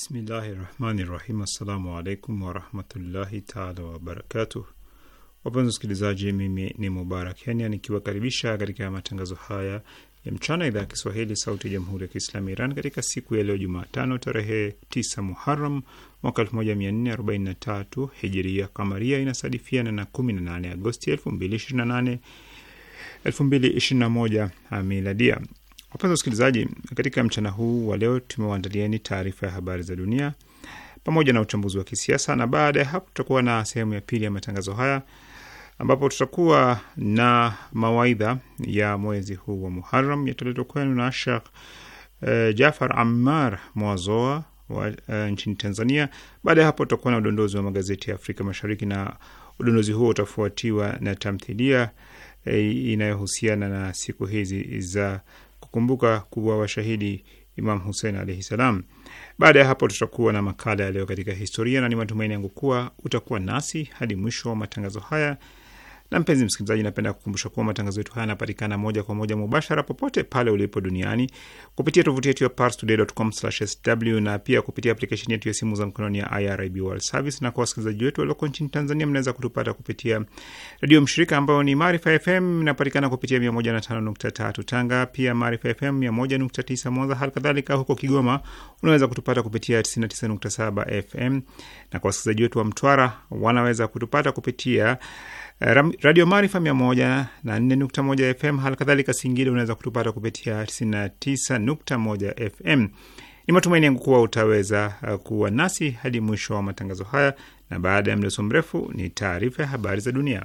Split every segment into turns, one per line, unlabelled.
Bismillahi rahmani rahim. Assalamu alaikum warahmatullahi taala wabarakatuh. Wapenzi wasikilizaji, mimi ni Mubarak Kenya nikiwakaribisha katika matangazo haya ya mchana, idhaa ya Kiswahili sauti ya jamhuri ya Kiislamu ya Iran, katika siku ya leo Jumatano tarehe 9 Muharam mwaka 1443 hijiria kamaria, inasadifiana na 18 Agosti 2028 2021 miladia. Wapenzi wasikilizaji, katika mchana huu wa leo tumewaandalieni taarifa ya habari za dunia pamoja na uchambuzi wa kisiasa, na baada ya hapo tutakuwa na sehemu ya pili ya matangazo haya ambapo tutakuwa na mawaidha ya mwezi huu wa Muharram yataletwa kwenu na Shekh eh, Jafar Ammar Mwazoa wa eh, nchini Tanzania. Baada ya hapo tutakuwa na udondozi wa magazeti ya Afrika Mashariki, na udondozi huo utafuatiwa na tamthilia eh, inayohusiana na siku hizi za kukumbuka kuwa washahidi Imam Hussein alaihi salam. Baada ya hapo, tutakuwa na makala ya leo katika historia, na ni matumaini yangu kuwa utakuwa nasi hadi mwisho wa matangazo haya na mpenzi msikilizaji, napenda kukumbusha kuwa matangazo yetu haya yanapatikana moja kwa moja mubashara popote pale ulipo duniani kupitia tovuti yetu ya parstoday.com/sw na pia kupitia aplikesheni yetu ya simu za mkononi ya IRIB World Service. Na kwa wasikilizaji wetu walioko nchini Tanzania, mnaweza kutupata kupitia redio mshirika ambayo ni Maarifa FM, inapatikana kupitia 105.3 Tanga, pia Maarifa FM 101.9 Mwanza. Hali kadhalika huko Kigoma unaweza kutupata kupitia 99.7 FM, na kwa wasikilizaji wetu wa Mtwara wanaweza kutupata kupitia Eh, Radio Maarifa 104.1 FM, hali kadhalika Singida unaweza kutupata kupitia 99.1 FM. Ni matumaini yangu kuwa utaweza eh, kuwa nasi hadi mwisho wa matangazo haya, na baada ya mdoso mrefu ni taarifa ya habari za dunia.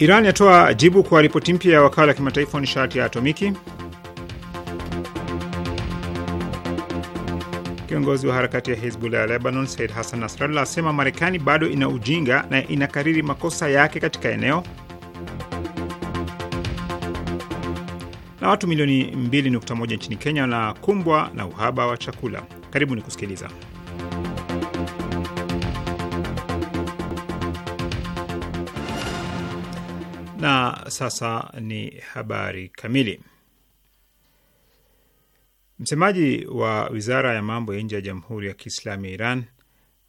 Iran yatoa jibu kwa ripoti mpya ya wakala wa kimataifa wa nishati ya atomiki. Kiongozi wa harakati ya Hizbullah ya Lebanon Said Hassan Nasrallah asema Marekani bado ina ujinga na inakariri makosa yake katika eneo. Na watu milioni 2.1 nchini Kenya wanakumbwa na uhaba wa chakula. karibu ni kusikiliza Na sasa ni habari kamili. Msemaji wa wizara ya mambo ya nje ya Jamhuri ya Kiislamu ya Iran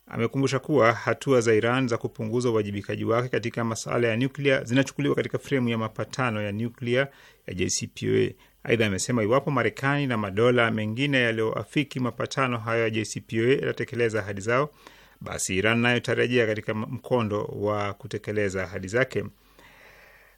amekumbusha kuwa hatua za Iran za kupunguza uwajibikaji wake katika masuala ya nyuklia zinachukuliwa katika fremu ya mapatano ya nyuklia ya JCPOA. Aidha amesema iwapo Marekani na madola mengine yaliyoafiki mapatano hayo ya JCPOA yatatekeleza ahadi zao, basi Iran nayo itarejea katika mkondo wa kutekeleza ahadi zake.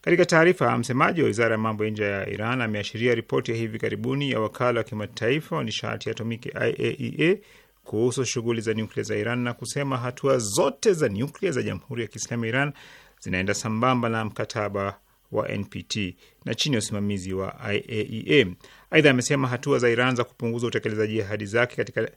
Katika taarifa, msemaji wa wizara ya mambo ya nje ya Iran ameashiria ripoti ya hivi karibuni ya wakala wa kimataifa wa nishati ya atomiki IAEA e kuhusu shughuli za nyuklia za Iran na kusema hatua zote za nyuklia za Jamhuri ya Kiislamu ya Iran zinaenda sambamba na mkataba wa NPT na chini ya usimamizi wa IAEA. E Aidha, amesema hatua za Iran za kupunguza utekelezaji ahadi zake katika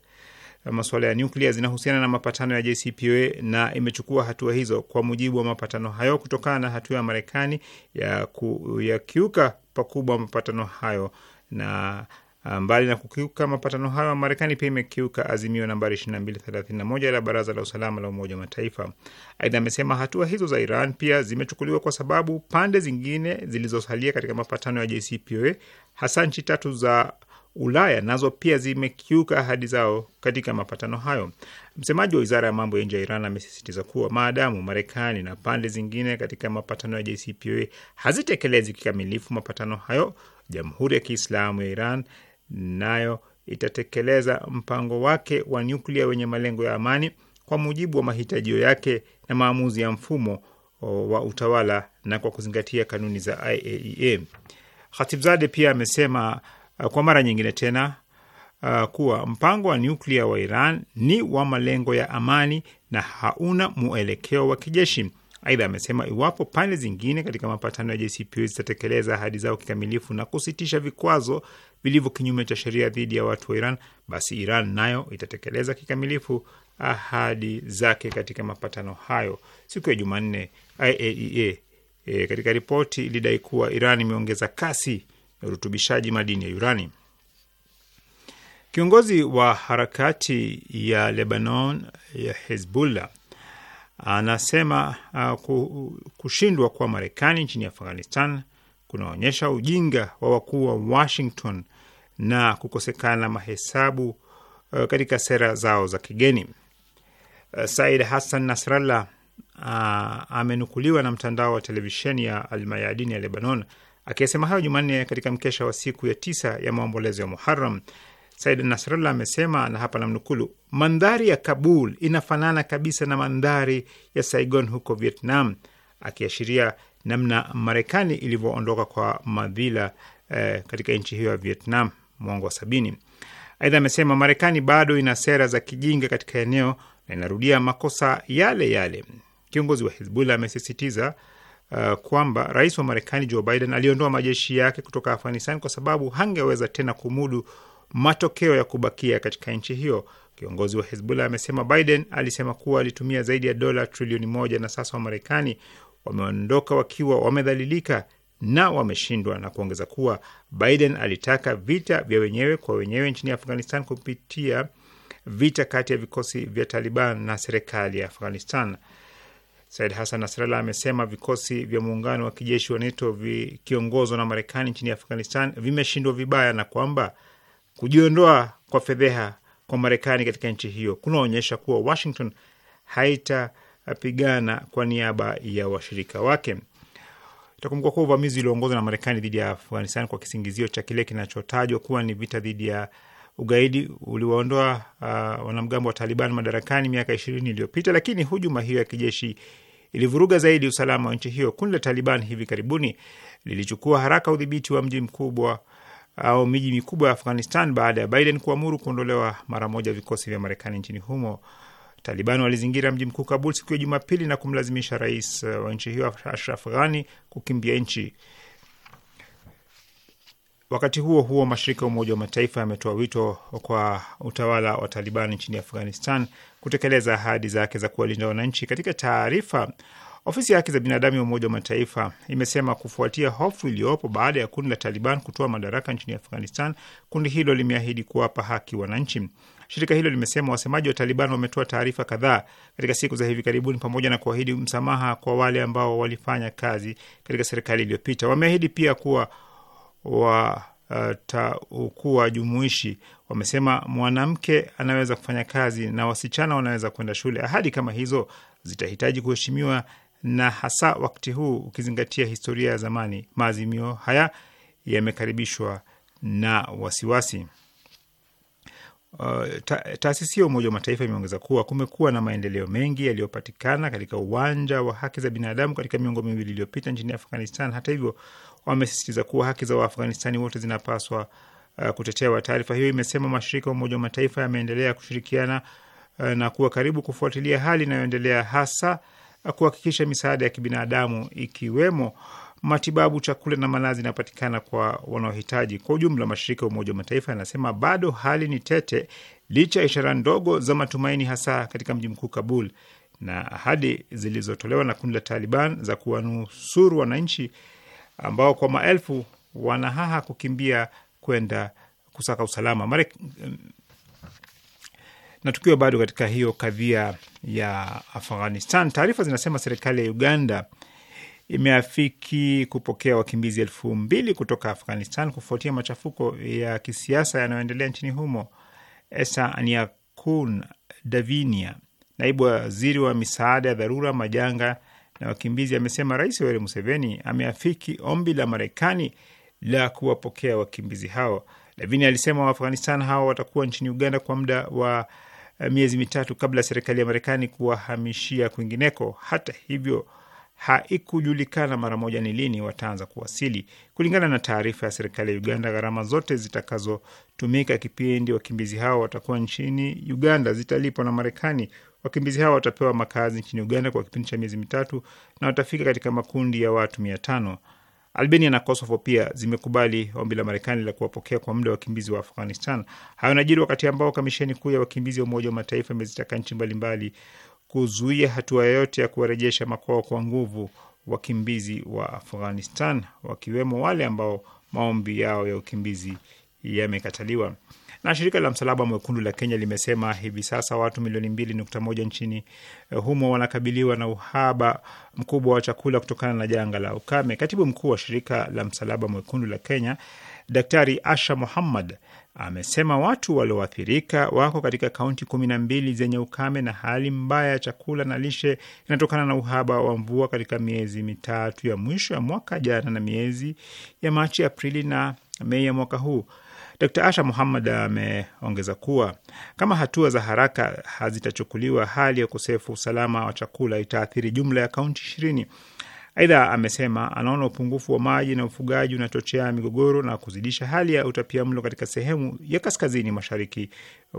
masuala ya nyuklia zinahusiana na mapatano ya JCPOA na imechukua hatua hizo kwa mujibu wa mapatano hayo, kutokana na hatua ya Marekani ya kuyakiuka pakubwa mapatano hayo na ah, mbali na kukiuka mapatano hayo, Marekani pia imekiuka azimio nambari 2231 la Baraza la Usalama la Umoja wa Mataifa. Aidha, amesema hatua hizo za Iran pia zimechukuliwa kwa sababu pande zingine zilizosalia katika mapatano ya JCPOA, hasa nchi tatu za Ulaya nazo pia zimekiuka ahadi zao katika mapatano hayo. Msemaji wa wizara ya mambo ya nje ya Iran amesisitiza kuwa maadamu Marekani na pande zingine katika mapatano ya JCPOA hazitekelezi kikamilifu mapatano hayo, Jamhuri ya Kiislamu ya Iran nayo itatekeleza mpango wake wa nyuklia wenye malengo ya amani kwa mujibu wa mahitajio yake na maamuzi ya mfumo wa utawala na kwa kuzingatia kanuni za IAEA. Khatibzade pia amesema Uh, kwa mara nyingine tena uh, kuwa mpango wa nyuklia wa Iran ni wa malengo ya amani na hauna mwelekeo wa kijeshi. Aidha, amesema iwapo pande zingine katika mapatano ya JCPOA zitatekeleza ahadi zao kikamilifu na kusitisha vikwazo vilivyo kinyume cha sheria dhidi ya watu wa Iran, basi Iran nayo itatekeleza kikamilifu ahadi zake katika mapatano hayo. Siku ya Jumanne, IAEA e, eh, katika ripoti ilidai kuwa Iran imeongeza kasi urutubishaji madini ya urani. Kiongozi wa harakati ya Lebanon ya Hezbollah anasema uh, kushindwa kwa Marekani nchini Afghanistan kunaonyesha ujinga wa wakuu wa Washington na kukosekana mahesabu uh, katika sera zao za kigeni. Uh, Said Hassan Nasrallah uh, amenukuliwa na mtandao wa televisheni ya Almayadini ya Lebanon Akiyasema hayo Jumanne katika mkesha wa siku ya tisa ya maombolezo ya muharam Said Nasrallah amesema, na hapa namnukulu, mandhari ya Kabul inafanana kabisa na mandhari ya Saigon huko Vietnam, akiashiria namna Marekani ilivyoondoka kwa madhila eh, katika nchi hiyo ya Vietnam mwongo wa sabini. Aidha amesema Marekani bado ina sera za kijinga katika eneo na inarudia makosa yale yale. Kiongozi wa Hizbullah amesisitiza uh, kwamba rais wa Marekani Joe Biden aliondoa majeshi yake kutoka Afghanistan kwa sababu hangeweza tena kumudu matokeo ya kubakia katika nchi hiyo. Kiongozi wa Hezbollah amesema Biden alisema kuwa alitumia zaidi ya dola trilioni moja na sasa Wamarekani wameondoka wakiwa wamedhalilika na wameshindwa, na kuongeza kuwa Biden alitaka vita vya wenyewe kwa wenyewe nchini Afghanistan kupitia vita kati ya vikosi vya Taliban na serikali ya Afghanistan. Said Hassan Nasrallah amesema vikosi vya muungano wa kijeshi wa NATO vikiongozwa na Marekani nchini Afghanistan vimeshindwa vibaya na kwamba kujiondoa kwa fedheha kwa Marekani katika nchi hiyo kunaonyesha kuwa Washington haitapigana kwa niaba ya washirika wake. Itakumbuka kuwa uvamizi ulioongozwa na Marekani dhidi ya Afghanistan kwa kisingizio cha kile kinachotajwa kuwa ni vita dhidi ya ugaidi uliwaondoa uh, wanamgambo wa Taliban madarakani miaka ishirini iliyopita, lakini hujuma hiyo ya kijeshi ilivuruga zaidi usalama wa nchi hiyo. Kundi la Taliban hivi karibuni lilichukua haraka udhibiti wa mji mkubwa au miji mikubwa ya Afghanistan baada ya Biden kuamuru kuondolewa mara moja vikosi vya Marekani nchini humo. Taliban walizingira mji mkuu Kabul siku ya Jumapili na kumlazimisha rais uh, wa nchi hiyo Ashraf Ghani kukimbia nchi. Wakati huo huo, mashirika ya Umoja wa Mataifa yametoa wito kwa utawala wa Taliban nchini Afghanistan kutekeleza ahadi zake za kuwalinda wananchi. Katika taarifa, ofisi ya haki za binadamu ya Umoja wa Mataifa imesema kufuatia hofu iliyopo baada ya kundi la Taliban kutoa madaraka nchini Afghanistan, kundi hilo limeahidi kuwapa haki wananchi. Shirika hilo limesema wasemaji wa Taliban wametoa taarifa kadhaa katika siku za hivi karibuni, pamoja na kuahidi msamaha kwa wale ambao walifanya kazi katika serikali iliyopita. Wameahidi pia kuwa wa uh, taukuwa jumuishi wamesema mwanamke anaweza kufanya kazi na wasichana wanaweza kwenda shule. Ahadi kama hizo zitahitaji kuheshimiwa na hasa wakati huu ukizingatia historia ya zamani. Maazimio haya yamekaribishwa na wasiwasi. Uh, taasisi ya Umoja wa Mataifa imeongeza kuwa kumekuwa na maendeleo mengi yaliyopatikana katika uwanja wa haki za binadamu katika miongo miwili iliyopita nchini Afghanistan. Hata hivyo, wamesisitiza kuwa haki za Waafghanistani wote zinapaswa uh, kutetewa. Taarifa hiyo imesema mashirika ya Umoja wa Mataifa yameendelea kushirikiana uh, na kuwa karibu kufuatilia hali inayoendelea, hasa uh, kuhakikisha misaada ya kibinadamu ikiwemo matibabu, chakula na malazi inapatikana kwa wanaohitaji. Kwa ujumla, mashirika ya Umoja wa Mataifa yanasema bado hali ni tete, licha ya ishara ndogo za matumaini, hasa katika mji mkuu Kabul, na ahadi zilizotolewa na kundi la Taliban za kuwanusuru wananchi ambao kwa maelfu wanahaha kukimbia kwenda kusaka usalama Marek... na tukiwa bado katika hiyo kadhia ya Afghanistan, taarifa zinasema serikali ya Uganda imeafiki kupokea wakimbizi elfu mbili kutoka Afghanistan kufuatia machafuko ya kisiasa yanayoendelea nchini humo. Esa Aniakun Davinia, naibu waziri wa misaada ya dharura, majanga na wakimbizi amesema Rais Yoweri Museveni ameafiki ombi la Marekani la kuwapokea wakimbizi hao. Lavini alisema Waafghanistan hao watakuwa nchini Uganda kwa muda wa eh, miezi mitatu kabla serikali ya Marekani kuwahamishia kwingineko. Hata hivyo haikujulikana mara moja ni lini wataanza kuwasili. Kulingana na taarifa ya serikali ya Uganda, gharama zote zitakazotumika kipindi wakimbizi hao watakuwa nchini Uganda zitalipwa na Marekani. Wakimbizi hao watapewa makazi nchini Uganda kwa kipindi cha miezi mitatu na watafika katika makundi ya watu mia tano. Albania na Kosovo pia zimekubali ombi la Marekani la kuwapokea kwa muda wa wakimbizi wa Afghanistan. Hayo najiri wakati ambao kamisheni kuu ya wakimbizi ya Umoja wa Mataifa imezitaka nchi mbalimbali kuzuia hatua yoyote ya kuwarejesha makwao kwa nguvu wakimbizi wa Afghanistan, wakiwemo wale ambao maombi yao ya ukimbizi yamekataliwa. Na shirika la Msalaba Mwekundu la Kenya limesema hivi sasa watu milioni mbili nukta moja nchini eh, humo wanakabiliwa na uhaba mkubwa wa chakula kutokana na janga la ukame. Katibu mkuu wa shirika la Msalaba Mwekundu la Kenya Daktari Asha Muhammad amesema watu walioathirika wako katika kaunti kumi na mbili zenye ukame na hali mbaya ya chakula na lishe inatokana na uhaba wa mvua katika miezi mitatu ya mwisho ya mwaka jana na miezi ya Machi, Aprili na Mei ya mwaka huu. d Asha Muhammad ameongeza kuwa kama hatua za haraka hazitachukuliwa, hali ya ukosefu usalama wa chakula itaathiri jumla ya kaunti ishirini Aidha, amesema anaona upungufu wa maji na ufugaji unachochea migogoro na kuzidisha hali ya utapiamlo katika sehemu ya kaskazini mashariki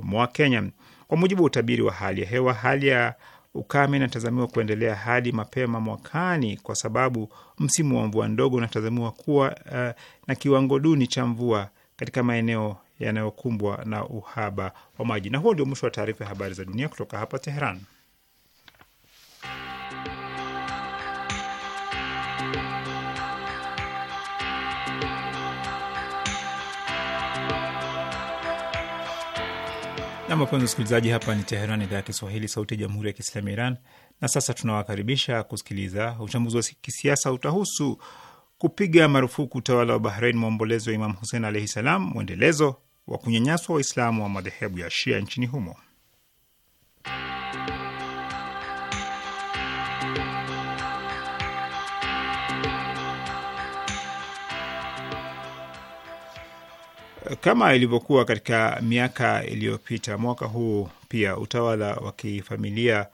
mwa Kenya. Kwa mujibu wa utabiri wa hali ya hewa, hali ya ukame inatazamiwa kuendelea hadi mapema mwakani kwa sababu msimu wa mvua ndogo unatazamiwa kuwa uh, na kiwango duni cha mvua katika maeneo yanayokumbwa na uhaba wa maji. Na huo ndio mwisho wa taarifa ya habari za dunia kutoka hapa Teheran. Nam, wapenzi wasikilizaji, hapa ni Teheran, idhaa ya Kiswahili, sauti ya jamhuri ya kiislamu ya Iran. Na sasa tunawakaribisha kusikiliza uchambuzi wa kisiasa. Utahusu kupiga marufuku utawala wa bahrain maombolezo ya Imam Husein alaihi salam, mwendelezo wa kunyanyaswa Waislamu wa madhehebu ya Shia nchini humo. Kama ilivyokuwa katika miaka iliyopita, mwaka huu pia utawala wa kifamilia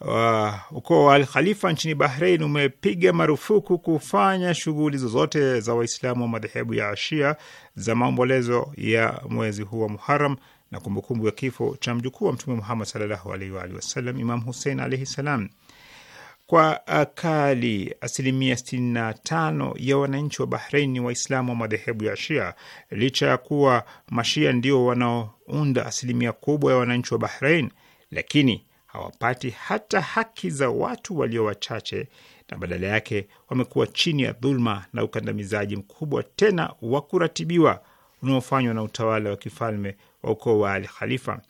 wa uh, ukoo wa Al Khalifa nchini Bahrein umepiga marufuku kufanya shughuli zozote za Waislamu wa madhehebu ya Ashia za maombolezo ya mwezi huu wa Muharam na kumbukumbu ya kifo cha mjukuu wa Mtume Muhammad sallallahu alaihi waalihi wasallam, Imam Husein alaihi salam. Kwa akali uh, asilimia 65 ya wananchi wa Bahrein ni Waislamu wa madhehebu ya Shia, licha ya kuwa Mashia ndio wanaounda asilimia kubwa ya wananchi wa Bahrein, lakini hawapati hata haki za watu walio wachache, na badala yake wamekuwa chini ya dhuluma na ukandamizaji mkubwa tena wa kuratibiwa unaofanywa na utawala wa kifalme wa ukoo wa Al Khalifa.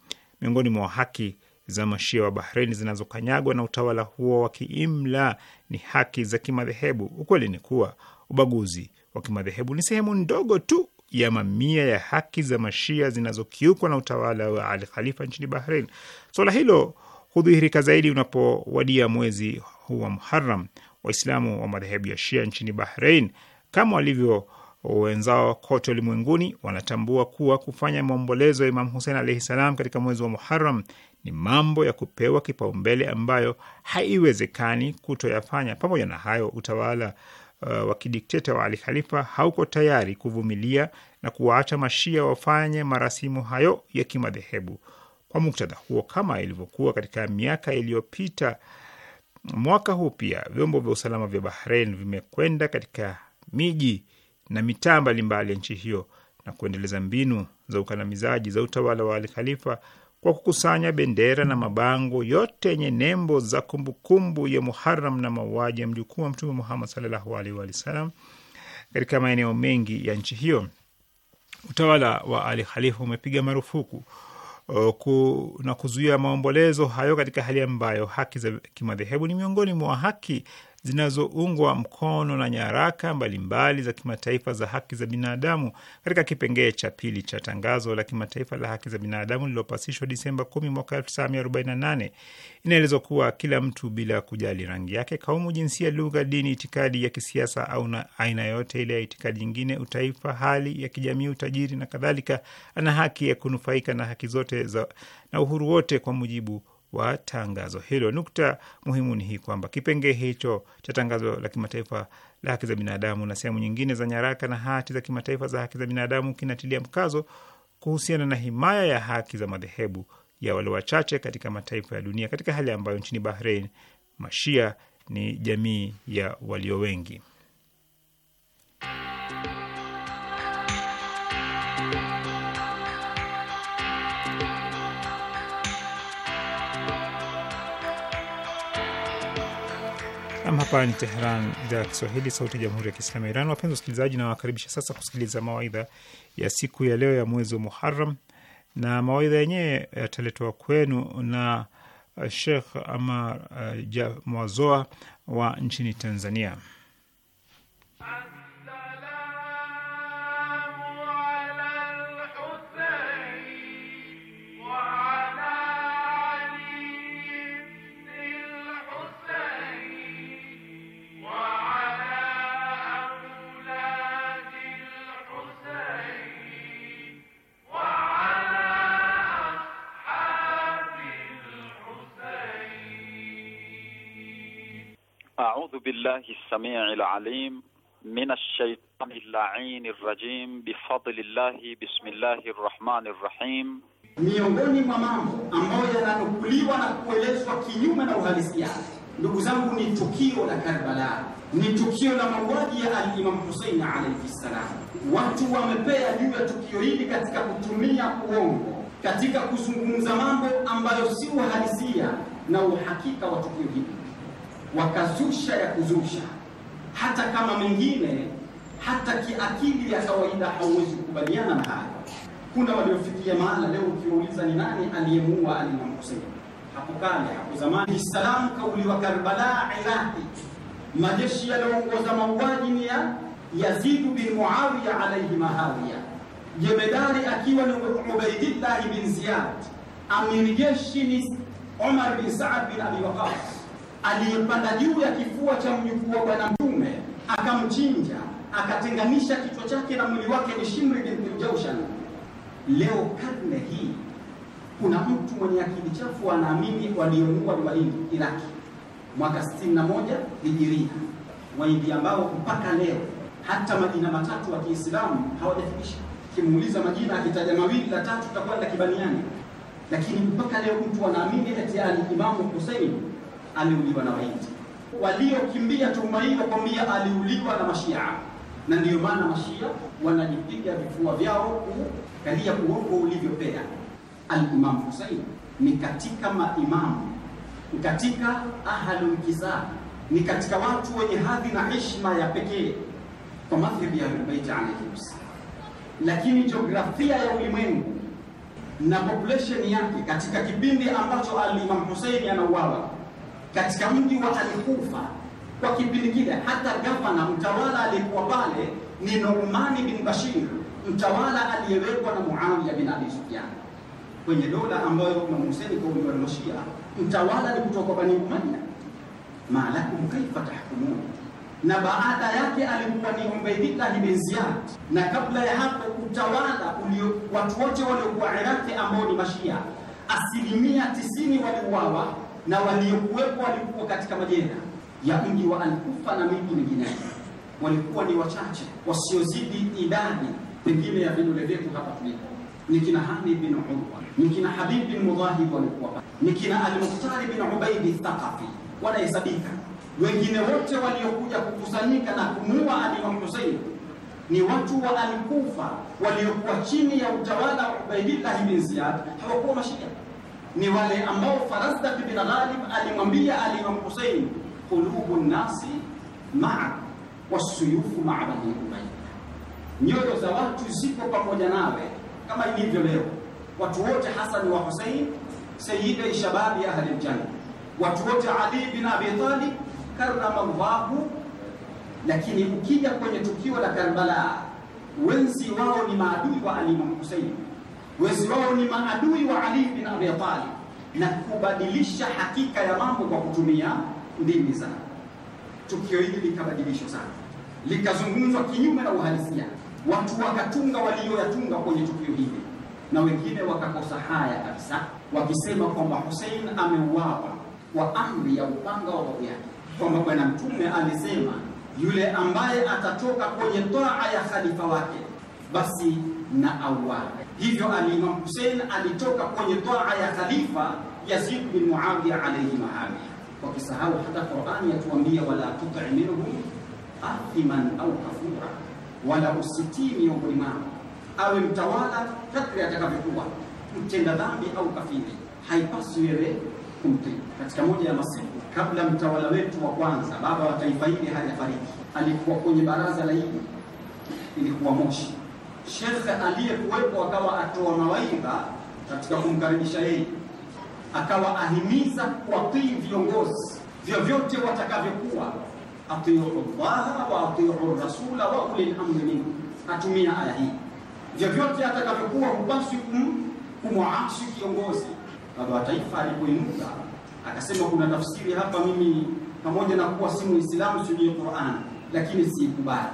Miongoni mwa haki za mashia wa Bahrein zinazokanyagwa na utawala huo wa kiimla ni haki za kimadhehebu. Ukweli ni kuwa ubaguzi wa kimadhehebu ni sehemu ndogo tu ya mamia ya haki za mashia zinazokiukwa na utawala wa Al Khalifa nchini Bahrein. swala so hilo hudhihirika zaidi unapowadia mwezi huu wa Muharam. Waislamu wa madhehebu ya Shia nchini Bahrein, kama walivyo wenzao kote ulimwenguni, wanatambua kuwa kufanya maombolezo ya Imam Husein alaihi salam katika mwezi wa muharam ni mambo ya kupewa kipaumbele ambayo haiwezekani kutoyafanya. Pamoja na hayo, utawala uh, wa kidikteta wa Ali Khalifa hauko tayari kuvumilia na kuwaacha Mashia wafanye marasimu hayo ya kimadhehebu. Kwa muktadha huo, kama ilivyokuwa katika miaka iliyopita, mwaka huu pia vyombo vya usalama vya Bahrain vimekwenda katika miji na mitaa mbalimbali ya nchi hiyo na kuendeleza mbinu za ukandamizaji za utawala wa Al Khalifa kwa kukusanya bendera na mabango yote yenye nembo za kumbukumbu kumbu ya Muharam na mauaji ya mjukuu wa Mtume Muhammad sallallahu alaihi katika maeneo mengi ya nchi hiyo. Utawala wa Ali Khalifa umepiga marufuku uh, na kuzuia maombolezo hayo katika hali ambayo haki za kimadhehebu ni miongoni mwa haki zinazoungwa mkono na nyaraka mbalimbali za kimataifa za haki za binadamu. Katika kipengee cha pili cha tangazo la kimataifa la haki za binadamu lililopasishwa Disemba 10 mwaka 1948, inaelezwa kuwa kila mtu bila kujali rangi yake, kaumu, jinsia, lugha, dini, itikadi ya kisiasa au na aina yoyote ile ya itikadi nyingine, utaifa, hali ya kijamii, utajiri na kadhalika, ana haki ya kunufaika na haki zote za na uhuru wote kwa mujibu wa tangazo hilo. Nukta muhimu ni hii kwamba kipengee hicho cha tangazo la kimataifa la haki za binadamu na sehemu nyingine za nyaraka na hati za kimataifa za haki za binadamu kinatilia mkazo kuhusiana na himaya ya haki za madhehebu ya walio wachache katika mataifa ya dunia, katika hali ambayo nchini Bahrain mashia ni jamii ya walio wengi. Nam, hapa ni Teheran, idhaa ya Kiswahili, sauti ya jamhuri ya kiislamu ya Iran. Wapenzi wasikilizaji, nawakaribisha sasa kusikiliza mawaidha ya siku ya leo ya mwezi wa muharam na mawaidha yenyewe yataletwa kwenu na uh, Shekh Amar uh, Mwazoa wa nchini Tanzania.
بالله السميع العليم من الشيطان اللعين الرجيم بفضل
الله بسم الله الرحمن الرحيم. Miongoni mwa mambo ambayo
yananukuliwa na kuelezwa kinyume na uhalisia, ndugu zangu, ni tukio la Karbala, ni tukio la mauaji ya al-Imam Hussein alayhi salam. Watu wamepea juu ya tukio hili katika kutumia uongo, katika kuzungumza mambo ambayo si uhalisia na uhakika wa tukio hili wakazusha ya kuzusha, hata kama mengine hata kiakili ya kawaida hauwezi kukubaliana na hayo. Kuna waliofikia mahala leo ukiuliza ni nani aliyemuua Ali na Hussein, hapo kale, hapo zamani, salam kauli wa Karbala, Iraqi, majeshi yalioongoza mauaji ni ya Yazid bin Muawiya alayhi mahawiya, jemedari akiwa ni Ubaidillah bin Ziyad, amiri jeshi ni Umar bin Saad bin Abi Waqas aliyepanda juu ya kifua cha mjukuu wa Bwana Mtume akamchinja, akatenganisha kichwa chake na mwili wake ni Shimri bin Jaushan. Leo karne hii kuna mtu mwenye akili chafu anaamini waliomuua ni Waindi Iraki mwaka 61 Hijiria, waidi ambao mpaka leo hata majina matatu wa Kiislamu hawajafikisha. Kimuuliza majina akitaja mawili la tatu takuwa kibaniani, lakini mpaka leo mtu anaamini eti alimamu Hussein aliuliwa na Wahindi. waliokimbia tuhuma hii wakwambia aliuliwa na Mashia, na ndiyo maana Mashia wanajipiga vifua vyao kukalia uongo ulivyopea. Alimam Husein ni katika maimamu, ni katika ahlul ni katika watu wenye hadhi na heshima ya pekee kwa madhhabi ya Ahlulbeiti alaihim lakini jiografia ya ulimwengu na population yake katika kipindi ambacho Alimam Husein anauawa katika mji wa Alkufa kwa kipindi kile. Hata gavana mtawala aliyekuwa pale ni Nu'mani bin Bashir, mtawala aliyewekwa na Muawiya bin Abi Sufyan kwenye dola ambayo Imam Hussein kwa uongozi wa Mashia mtawala ni kutoka Bani Umayya. Malakum kaifa tahkumun, na baada yake alikuwa ni Ubaydillah bin Ziyad, na kabla ya hapo utawala ulio watu wote waliokuwa Iraq ambao ni Mashia asilimia tisini waliuawa na waliokuwepo walikuwa katika majela ya mji wa Al-Kufa na miji mingine, walikuwa ni wachache wasiozidi idadi pengine ya vidole vyetu hapa tulipo. Ni kina Hani bin Urwa, ni kina Habib bin Mudhahib walikuwa ni kina Al-Mukhtar bin Ubaid Thaqafi wanahesabika. Wengine wote waliokuja kukusanyika na kumua Ali Hussein ni watu wa Al-Kufa waliokuwa chini ya utawala wa Ubaidillah bin Ziyad, hawakuwa mashia ni wale ambao Farazdak bin Ghalib alimwambia Ali ibn Hussein, qulubu nasi ma'a wasuyufu ma'a bani Umayya, nyoyo za watu zipo pamoja nawe, kama ilivyo leo watu wote Hasan wa Hussein sayyida shababi ahli aljanna, watu wote Ali bin Abi Talib karrama Allahu. Lakini ukija kwenye tukio la Karbala, wenzi wao ni maadui wa Ali ibn Hussein wezi wao ni maadui wa Ali bin Abi Talib na kubadilisha hakika ya mambo kwa kutumia ndimi zao. Tukio hili likabadilishwa sana, likazungumzwa kinyume na uhalisia, watu wakatunga walioyatunga kwenye tukio hili, na wengine wakakosa haya kabisa, wakisema kwamba Hussein ameuawa kwa amri ya upanga wa babu yake, kwamba Bwana Mtume alisema yule ambaye atatoka kwenye toa ya khalifa wake basi na auawe. Hivyo Alimam Hussein alitoka kwenye taa ya khalifa Yazid bin Muawiya alayhi kwa kisahau hata Qur'ani yatuambia wala tuti minhum athiman au kafura, wala usitii miongoni mwao awe mtawala kadri atakavyokuwa mtenda dhambi au kafiri, haipaswi wewe kumtii. Katika moja ya masiku kabla mtawala wetu wa kwanza, baba wa taifa hili hajafariki, alikuwa kwenye baraza la hili, ilikuwa Moshi shekhe aliyekuwepo akawa atoa mawaidha katika kumkaribisha yeye, akawa ahimiza kuwatii viongozi vyovyote watakavyokuwa, atiu llaha wa atiu rasula wa ulil amri minkum. Atumia aya hii, vyovyote atakavyokuwa hupaswi kumwaasi kiongozi. Baba wa Taifa alipoinuka akasema, kuna tafsiri hapa, mimi pamoja na kuwa si Muislamu sijui Qur'an, lakini siikubali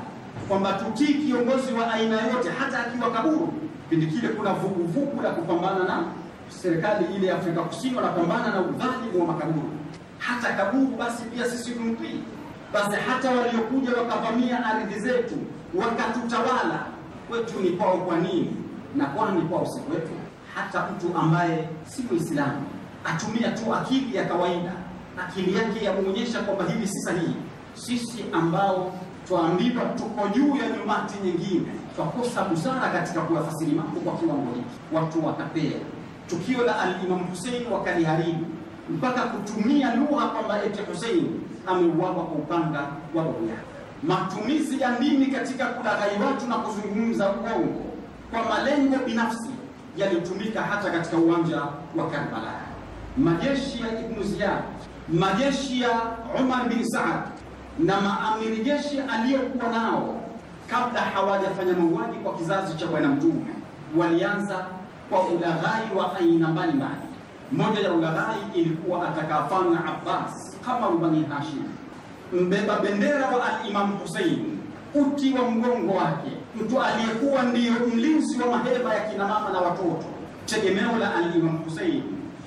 kwamba tutii kiongozi wa aina yote, hata akiwa kaburu. Kipindi kile kuna vuguvugu la kupambana na serikali ile ya Afrika Kusini, wanapambana na udhalimu wa makaburu. Hata kaburu basi pia sisi tumtii. Basi hata waliokuja wakavamia ardhi zetu wakatutawala, kwetu ni kwao kwa nini? Na kwani kwao si kwetu? Hata mtu ambaye si Muislamu atumia tu akili ya kawaida, akili yake kuonyesha kwamba hivi si sahihi. Sisi ambao twaambiwa tuko juu ya nyumati nyingine, twakosa busara katika kuyafasiri mambo kwa kiwango hiki. Watu wakapea tukio la alimamu Husein wakaliharibu mpaka kutumia lugha kwamba eti Husein ameuawa kwa upanga wa babu yake. Matumizi ya dini katika kulaghai watu na kuzungumza uongo kwa malengo binafsi yalitumika hata katika uwanja wa Karbala. Majeshi ya Ibnu Ziyad, majeshi ya Umar bin Saad na maamiri jeshi aliyokuwa nao kabla hawajafanya mauaji kwa kizazi cha Bwana Mtume, walianza kwa ulaghai wa aina mbalimbali. Moja ya ulaghai ilikuwa atakafana Abbas kama Bani Hashim, mbeba bendera wa alimamu imam Hussein, uti wa mgongo wake, mtu aliyekuwa ndiyo mlinzi wa maheba ya kina mama na watoto, tegemeo la alimamu husein Hussein,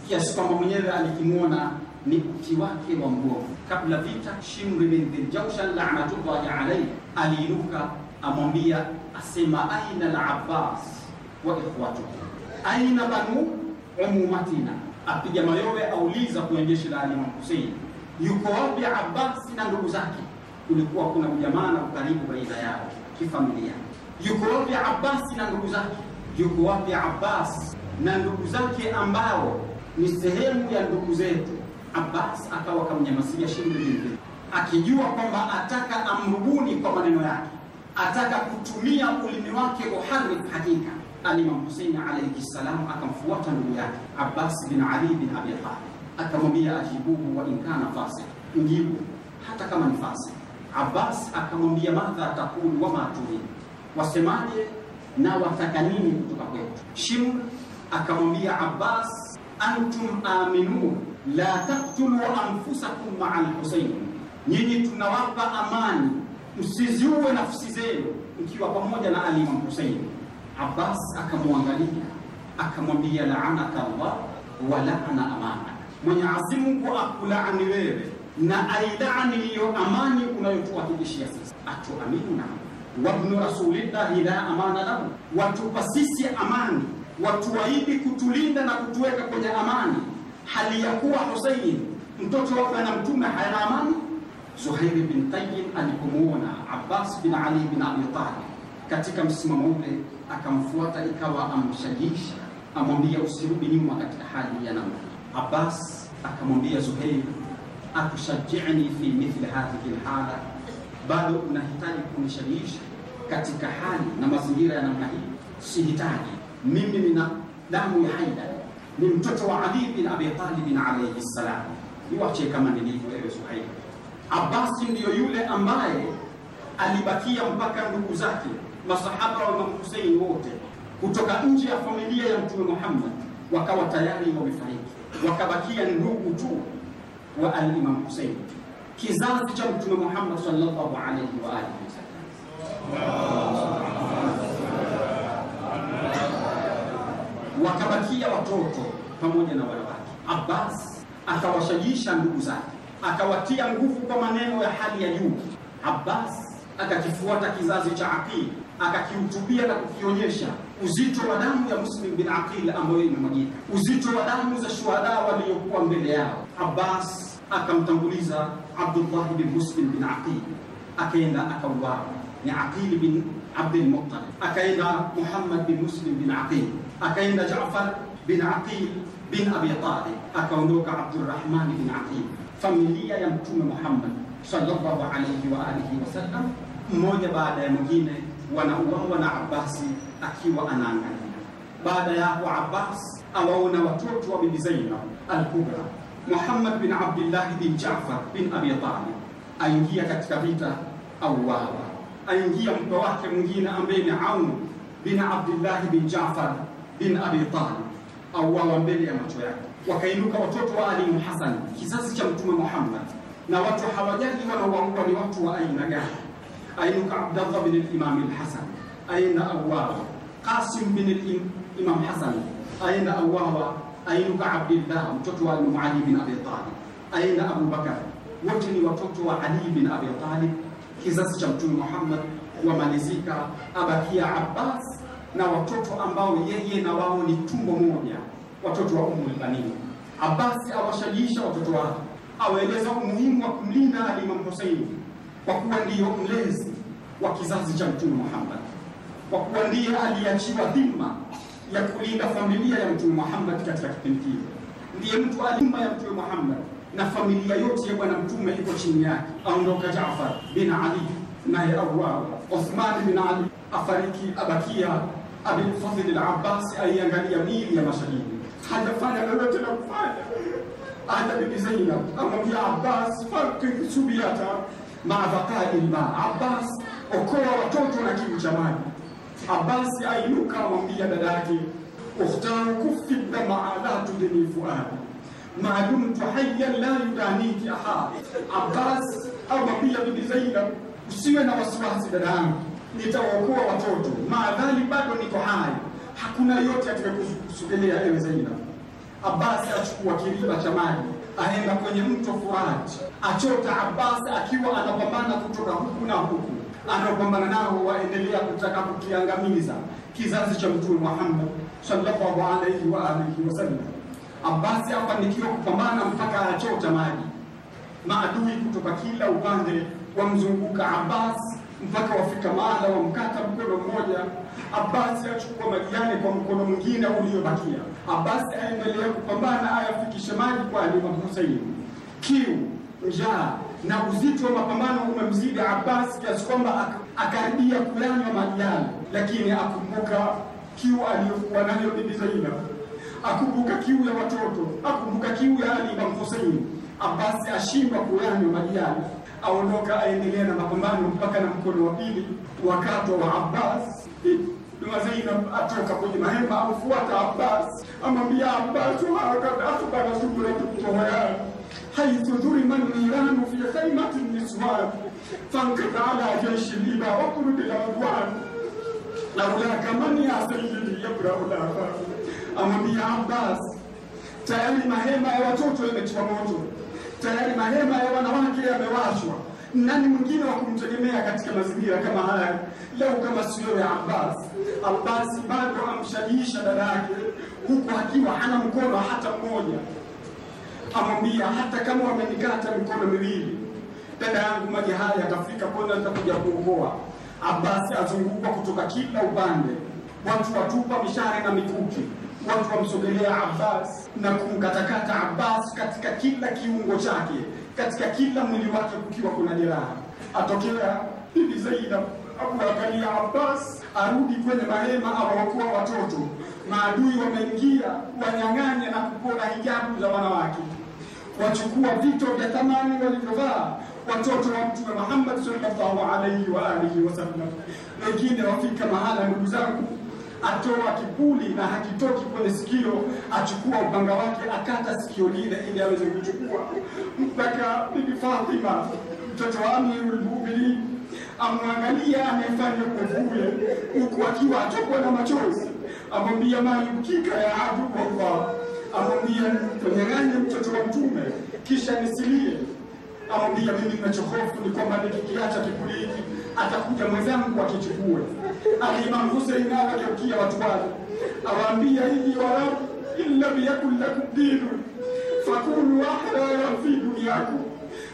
kiasi kwamba mwenyewe alikimwona ni mti wake wa mgomo. Kabla vita, Shimri bin Jaushan laanatullahi alayhi aliinuka, amwambia asema, aina al-Abbas wa ikhwatuhu, aina banu umumatina, apiga mayowe, auliza kwenye jeshi la Imam Hussein, yuko wapi Abbas na ndugu zake? Kulikuwa kuna ujamaa na ukaribu baina yao kifamilia. Yuko wapi Abbas na ndugu zake? Yuko wapi Abbas na ndugu zake ambao ni sehemu ya ndugu zetu Abbas akawa kamnyamazia Shimri bin akijua kwamba ataka amrubuni kwa maneno yake, ataka kutumia ulimi wake uharif hakika. Al-Imam Hussein alayhi salam akamfuata ndugu yake Abbas bin Ali bin Abi Talib, akamwambia ajibuhu wa in kana fasik, mjibu hata kama ni fasik. Abbas akamwambia madha takulu wa maturi, wasemaje na wataka nini kutoka kwetu? Shimr akamwambia Abbas, antum aminun la taktulu anfusakum maa lhusein, nyinyi tunawapa amani, msiziue nafsi zenu mkiwa pamoja na alimamu Husein. Abbas akamwangalia akamwambia, laanaka Allah wa laana amanak, Mwenyezi Mungu akulaani wewe na ailaani hiyo amani unayotuhakikishia sisi. atuaminuna na wabnu rasulillahi la amana lahu, watupa sisi amani, watuahidi kutulinda na kutuweka kwenye amani hali ya kuwa Husaini mtoto wa bwana mtume hayana amani. Zuhair bin Tayyib alipomuona Abbas bin Ali bin Abi Talib katika msimamo ule, akamfuata ikawa amshajiisha, amwambia usirudi nyuma katika hali ya namna. Abbas akamwambia Zuhair, atushajiani fi mithli hadhihi lhala, bado unahitaji kunishajiisha katika hali na mazingira ya namna hii? Sihitaji, mimi nina damu ya haida ni mtoto wa Ali bin Abi Talib alayhi salam. Niwache kama nilivyo wewe Suhaili. Abbasi ndiyo yule ambaye alibakia mpaka ndugu zake masahaba wa Imam Hussein wote kutoka nje ya familia ya Mtume Muhammad wakawa tayari wamefariki, wakabakia ndugu tu wa al-Imam Hussein, kizazi cha Mtume Muhammad sallallahu alayhi wa alihi wasallam. wakabakia watoto pamoja na wanawake. Abbas akawashajisha ndugu zake, akawatia nguvu kwa maneno ya hali ya juu. Abbas akakifuata kizazi cha Aqil, akakihutubia na kukionyesha uzito wa damu ya Muslim bin Aqil ambayo imemwagika, uzito wa damu za shuhada waliokuwa mbele yao. Abbas akamtanguliza Abdullah bin Muslim bin Aqil, akaenda akauawa. Ni Aqil bin Abdul Muttalib, akaenda Muhammad bin Muslim bin Aqil akaenda Jaafar bin Aqil bin Abi Talib, akaondoka Abdurrahman bin Aqil. Familia ya Mtume Muhammad sallallahu alayhi wa alihi wasallam, mmoja baada ya mwingine wanauawa na Abbasi akiwa anaangalia. Baada ya hapo, Abbas awaona watoto wa Bibi Zainab al-Kubra. Muhammad bin Abdullah bin Jaafar bin Abi Talib aingia katika vita, auawa. Aingia mke wake mwingine ambaye ni Aun bin Abdullah bin Jaafar bin Abi Talib auawa mbele ya macho yake. Wakainuka watoto wa Ali Hasan, kizazi cha Mtume Muhammad, na watu hawajali wanaowaua ni watu wa aina gani. Ainuka Abdallah bin Imam Hasan aina auawa, Qasim bin Imam Hasan aina auawa, ainuka Abdillah mtoto wa Imam Ali bin Abi Talib, aina Abu Bakar, wote ni watoto wa Ali bin Abi Talib, kizazi cha Mtume Muhammad. Wamalizika abakia Abbas na watoto ambao yeye na wao ni tumbo moja, watoto wa umu Albanin. Abasi awashajiisha watoto wake, awaeleza umuhimu wa kumlinda Alimamu Huseini kwa kuwa ndiyo mlezi wa kizazi cha Mtume Muhammad, kwa kuwa ndiye aliachiwa dhima ya kulinda familia ya Mtume Muhammad katika kipindi hicho, ndiye mtu alimba ya Mtume Muhammad na familia yote ya Bwana Mtume iko chini yake. Aondoka Jaafar bin Ali naye auawa, Uthman bin Ali afariki, abakia Abdulfadhili al-Abbasi aiangalia mili ya mashahidi, hajafanya lolote la kufanya. Hata bibi Zainab amwambia Abbas, fakir subiata mavaqai lma, Abbas okoa watoto na kiu cha maji. Abbasi ainuka amwambia dada yake, ukhtaru kufi damaa la tudni fuadi madumtu hayyan la yudaniki aha. Abbas amwambia bibi Zainab, usiwe na wasiwasi dada yangu nitawaokoa watoto, maadhali bado niko hai, hakuna yote atakayekusogelea ewe Zainab. Abbas achukua kiriba cha maji aenda kwenye mto Furati, achota. Abbas akiwa anapambana kutoka huku na huku, anapambana nao, waendelea kutaka kukiangamiza kizazi cha Mtume Muhammad salllahu alaihi waalihi wasallam. Abbas afanikiwa kupambana mpaka achota maji, maadui kutoka kila upande wamzunguka Abbas mpaka wafika mahala wamkata mkono mmoja. Abasi achukua majani kwa mkono mwingine uliobakia. Abasi aendelea kupambana ayafikishe maji kwa Imam Husein. Kiu, njaa na uzito wa mapambano umemzidi Abbas kiasi kwamba akaribia kulanywa maji yale, lakini akumbuka kiu aliyokuwa nayo Bibi Zainab, akumbuka kiu ya watoto, akumbuka kiu ya Ali Imam Husein. Abbas ashindwa kulanywa maji yale aondoka aendelea na mapambano mpaka na mkono wa pili wakatwa wa Abbas. Duma Zainab atoka kwenye mahema amfuata Abbas, amwambia Abbas, akbara subulatitohoya haithu dhurima niranu fi khaimati niswan fankad ala jaishi liba wakurud ladwan laulaka man ya sayidi yabrau lafa, amwambia Abbas, tayari mahema ya watoto yametiwa moto tayari mahema ya wanawake yamewashwa. Nani mwingine wa kumtegemea katika mazingira kama haya leo kama sio ya Abbas? Abbas bado amshajiisha dada yake, huku akiwa hana mkono hata mmoja. Amwambia, hata kama wamenikata mikono miwili, dada yangu, maji haya yatafika kwenda, nitakuja kuokoa. Abbas azungukwa kutoka kila upande, watu watupa mishale na mikuki watu wamsogelea Abbas na kumkatakata Abbas katika kila kiungo chake, katika kila mwili wake kukiwa kuna jeraha. Atokea Bibi Zainab amwangalia Abbas, arudi kwenye mahema, awaokoa watoto. Maadui wameingia, wanyang'anya na kupora hijabu za wanawake, wachukua vito vya thamani walivyovaa watoto wa Mtume Muhammad sallallahu alaihi wa alihi wasallam. Wengine wafika mahala, ndugu zangu atoa kipuli na hakitoki kwenye sikio, achukua upanga wake akata sikio lile ili aweze kuchukua. Mpaka Bibi Fatima mtoto wa Amirul Mu'minin amwangalia anayefanya kuvule, huku akiwa atokwa na machozi, amwambia mayubkika ya aduka Allah, amwambia tonyang'anye mtoto wa Mtume kisha nisilie. Amwambia mimi ninachohofu ni kwamba nikikiacha kipuli hiki atakuja mwenzangu akichukue alimam imam Hussein naye watu wake, awaambia hivi, walakum in lam yakun lakum dinun fakunu ahyaa fi dunyakum,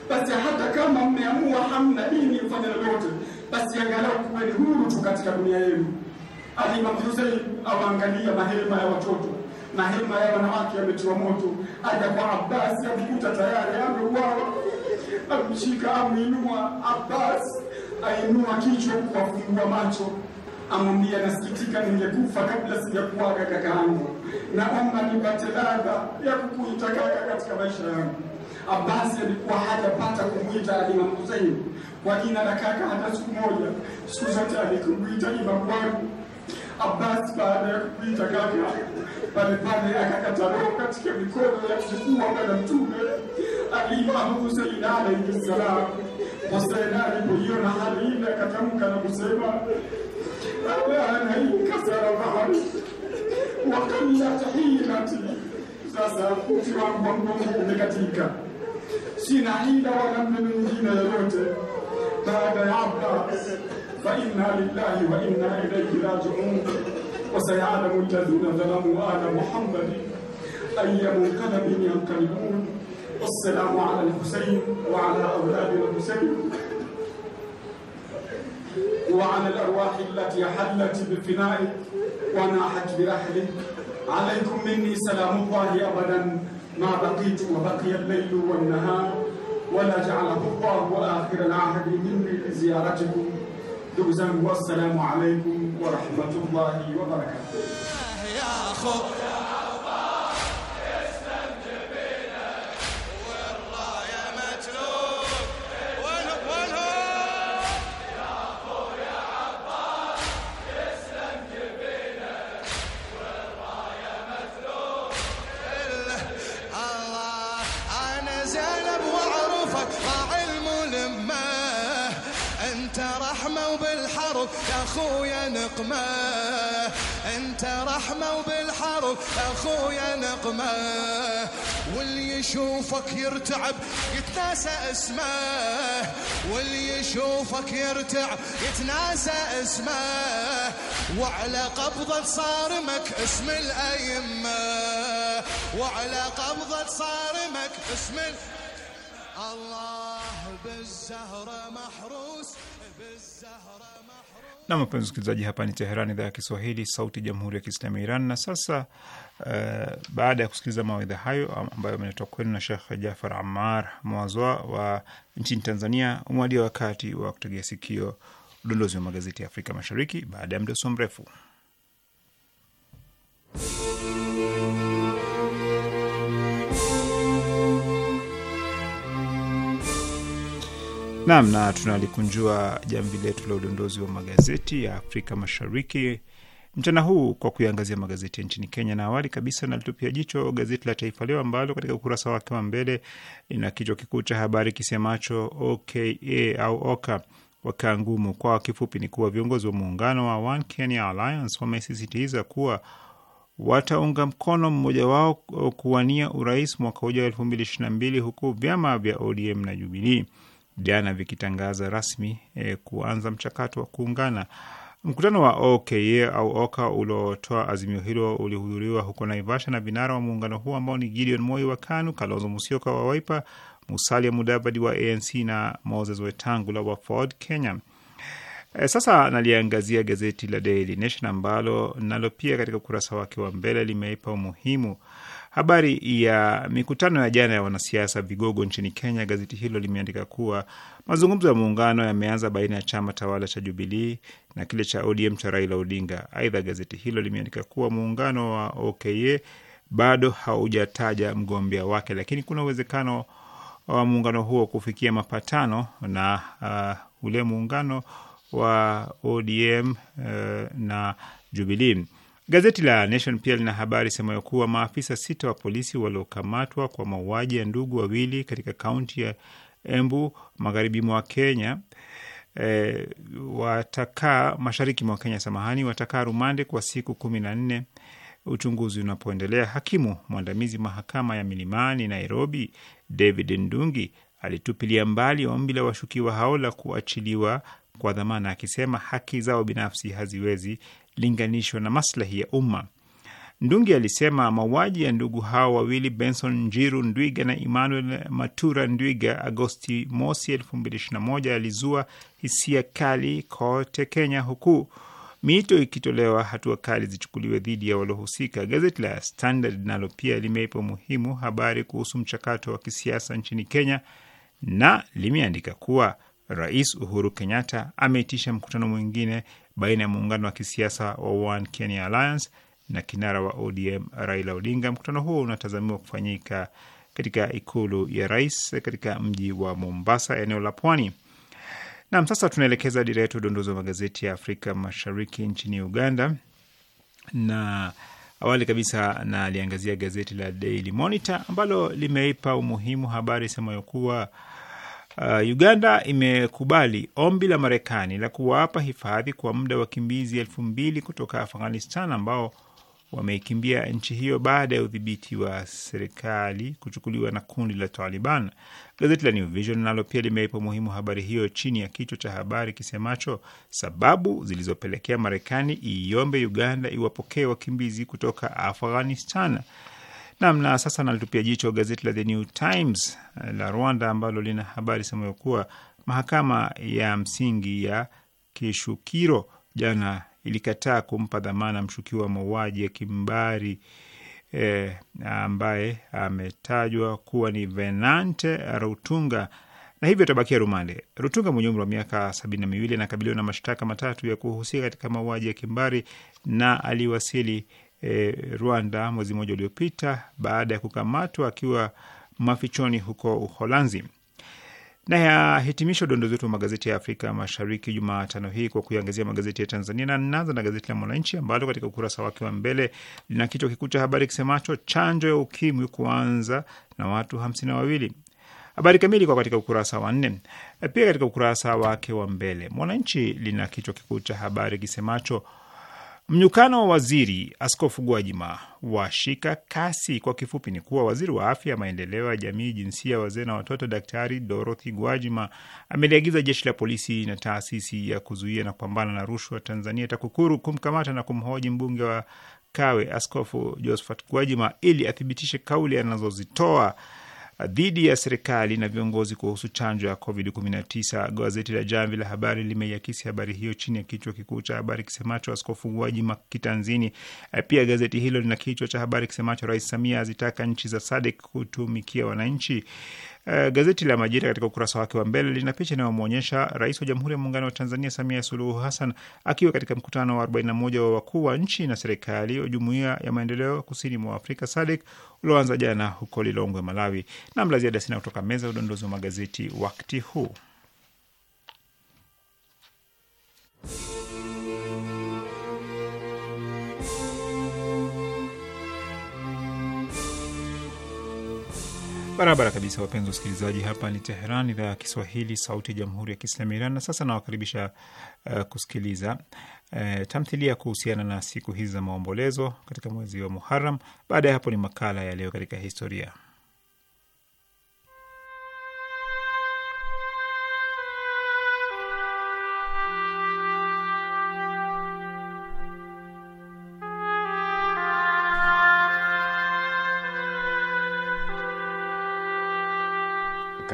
basi hata kama mmeamua hamna dini mfanya lolote, basi angalau kuweni huru tu katika dunia yenu. alimam imam awaangalia mahema ya watoto mahema ya wanawake yametiwa moto. Aja kwa Abbas amkuta tayari ameuawa, amshika, amwinua. Abbas ainua kichwa kuwafungua macho amwambia, nasikitika ningekufa kabla sijakuaga kaka yangu, naomba nipate ladha ya kukuita kaka katika maisha yangu. Abasi alikuwa hajapata kumwita Imam husein kwa jina la kaka hata siku moja, siku zote alikumwita Imam wangu. Abbas baada ya kukuita kaka pale pale akakata roho katika mikono ya kukua wa Bwana Mtume Ali Imam Hussein alayhi salam. Hussein alipoiona hali ile akatamka na kusema الآن انكسر ظهري وقلت حيلتي sasa uti wangu wa mgongo umekatika, sina hila wala mtu mwingine yoyote baada ya Abbas. Fa inna lillahi wa inna ilayhi rajiun, wa sayalamu alladhina zalamu ala Muhammadin ayya munqalabin yanqalibun. Wassalamu ala al wa ala awladi al وعن الأرواح التي حلت بفنائك وناحت برحلك عليكم مني سلام الله أبدا ما بقيت وبقي الليل والنهار ولا جعله الله آخر العهد مني لزيارتكم دوزا والسلام عليكم ورحمة الله وبركاته
يا
اخويا نقمة انت رحمة وبالحرب اخويا نقمة واللي يشوفك يرتعب يتناسى اسمه واللي يشوفك يرتعب يتناسى اسمه وعلى قبضة صارمك اسم الأيمة وعلى قبضة صارمك اسم الله بالزهرة محروس بالزهرة
محروس Na mpenzi msikilizaji, hapa ni Teheran, idhaa ya Kiswahili, sauti ya jamhuri ya kiislamu ya Iran. Na sasa uh, baada ya kusikiliza mawaidha hayo ambayo ameletwa kwenu na Shekh Jafar amar Mwazwa wa nchini Tanzania, umewadia wakati wa kutegea sikio udondozi wa magazeti ya Afrika Mashariki baada ya mdoso mrefu. Nam na tunalikunjua jamvi letu la udondozi wa magazeti ya Afrika Mashariki mchana huu kwa kuiangazia magazeti ya nchini Kenya, na awali kabisa nalitupia jicho gazeti la Taifa Leo ambalo katika ukurasa wake wa mbele ina kichwa kikuu cha habari kisemacho OKA au OKA wakaa ngumu. Kwa kifupi ni kuwa viongozi wa muungano wa One Kenya Alliance wamesisitiza kuwa wataunga mkono mmoja wao kuwania urais mwaka ujao elfu mbili ishirini na mbili huku vyama vya ODM na Jubilii jana vikitangaza rasmi e, kuanza mchakato wa kuungana. Mkutano wa OKA au OKA uliotoa azimio hilo ulihudhuriwa huko Naivasha na vinara wa muungano huo ambao ni Gideon Moi wa KANU, Kalonzo Musyoka wa Wiper, Musalia Mudavadi wa ANC na Moses Wetangula wa Ford Kenya. E, sasa naliangazia gazeti la Daily Nation ambalo nalo pia katika ukurasa wake wa mbele limeipa umuhimu Habari ya mikutano ya jana ya wanasiasa vigogo nchini Kenya, gazeti hilo limeandika kuwa mazungumzo ya muungano yameanza baina ya chama tawala cha Jubilii na kile cha ODM cha Raila Odinga. Aidha, gazeti hilo limeandika kuwa muungano wa OKA bado haujataja mgombea wake, lakini kuna uwezekano wa muungano huo kufikia mapatano na uh, ule muungano wa ODM uh, na Jubilii. Gazeti la Nation pia lina habari semayo kuwa maafisa sita wa polisi waliokamatwa kwa mauaji ya ndugu wawili katika kaunti ya Embu magharibi mwa Kenya e, watakaa mashariki mwa Kenya samahani, watakaa rumande kwa siku kumi na nne uchunguzi unapoendelea. Hakimu mwandamizi mahakama ya Milimani Nairobi, David Ndungi alitupilia mbali ombi la washukiwa hao la kuachiliwa kwa dhamana akisema haki zao binafsi haziwezi linganishwa na maslahi ya umma. Ndungi alisema mauaji ya ndugu hao wawili Benson Njiru Ndwiga na Emmanuel Matura Ndwiga Agosti mosi 2021 yalizua hisia kali kote Kenya, huku miito ikitolewa hatua kali zichukuliwe dhidi ya waliohusika. Gazeti la Standard nalo pia limeipa umuhimu habari kuhusu mchakato wa kisiasa nchini Kenya na limeandika kuwa Rais Uhuru Kenyatta ameitisha mkutano mwingine baina ya muungano wa kisiasa wa One Kenya Alliance na kinara wa ODM Raila Odinga. Mkutano huo unatazamiwa kufanyika katika ikulu ya rais katika mji wa Mombasa, eneo la pwani. Nam, sasa tunaelekeza dira yetu udondozi wa magazeti ya Afrika Mashariki nchini Uganda, na awali kabisa naliangazia gazeti la Daily Monitor ambalo limeipa umuhimu habari semayo kuwa Uh, Uganda imekubali ombi la Marekani la kuwapa hifadhi kwa muda wakimbizi elfu mbili kutoka Afghanistan ambao wameikimbia nchi hiyo baada ya udhibiti wa serikali kuchukuliwa na kundi la Taliban. Gazeti la New Vision nalo pia limeipa umuhimu habari hiyo chini ya kichwa cha habari kisemacho sababu zilizopelekea Marekani iombe Uganda iwapokee wakimbizi kutoka Afghanistan. Nam, na sasa nalitupia jicho gazeti la The New Times eh, la Rwanda ambalo lina habari semayo kuwa mahakama ya msingi ya Kishukiro jana ilikataa kumpa dhamana mshukiwa wa mauaji ya kimbari eh, ambaye ametajwa kuwa ni Venante Rutunga na hivyo atabakia rumande. Rutunga mwenye umri wa miaka sabini na miwili anakabiliwa na mashtaka matatu ya kuhusika katika mauaji ya kimbari na aliwasili e, Rwanda mwezi mmoja uliopita baada ya kukamatwa akiwa mafichoni huko Uholanzi. Na ya hitimisho dondo zetu wa magazeti ya Afrika Mashariki Jumatano hii kwa kuiangazia magazeti ya Tanzania, na ninaanza na gazeti la Mwananchi ambalo katika ukurasa wake wa mbele lina kichwa kikuu cha habari kisemacho chanjo ya ukimwi kuanza na watu hamsini na wawili. Habari kamili kwa katika ukurasa wa nne. Pia katika ukurasa wake wa mbele Mwananchi lina kichwa kikuu cha habari kisemacho Mnyukano wa waziri Askofu Gwajima washika kasi. Kwa kifupi ni kuwa waziri wa afya, maendeleo ya jamii, jinsia, wazee na watoto, Daktari Dorothy Gwajima ameliagiza jeshi la polisi na taasisi ya kuzuia na kupambana na rushwa Tanzania, TAKUKURU, kumkamata na kumhoji mbunge wa Kawe Askofu Josephat Gwajima ili athibitishe kauli anazozitoa dhidi ya serikali na viongozi kuhusu chanjo ya COVID-19. Gazeti la Jamvi la Habari limeiakisi habari hiyo chini ya kichwa kikuu cha habari kisemacho Askofu Gwajima kitanzini. Pia gazeti hilo lina kichwa cha habari kisemacho Rais Samia azitaka nchi za SADC kutumikia wananchi. Eh, gazeti la Majira katika ukurasa wake wa mbele lina picha inayomwonyesha rais wa Jamhuri ya Muungano wa Tanzania Samia Suluhu Hassan akiwa katika mkutano wa 41 wa wakuu wa nchi na serikali wa Jumuiya ya Maendeleo Kusini mwa Afrika SADC ulioanza jana huko Lilongwe, Malawi. Na mla ziada sina kutoka meza udondozi wa magazeti wakati huu. Barabara kabisa, wapenzi wasikilizaji, hapa ni Teheran, idhaa ya Kiswahili, sauti ya jamhuri ya kiislamu Iran. Na sasa nawakaribisha uh, kusikiliza uh, tamthilia kuhusiana na siku hizi za maombolezo katika mwezi wa Muharam. Baada ya hapo ni makala ya leo katika historia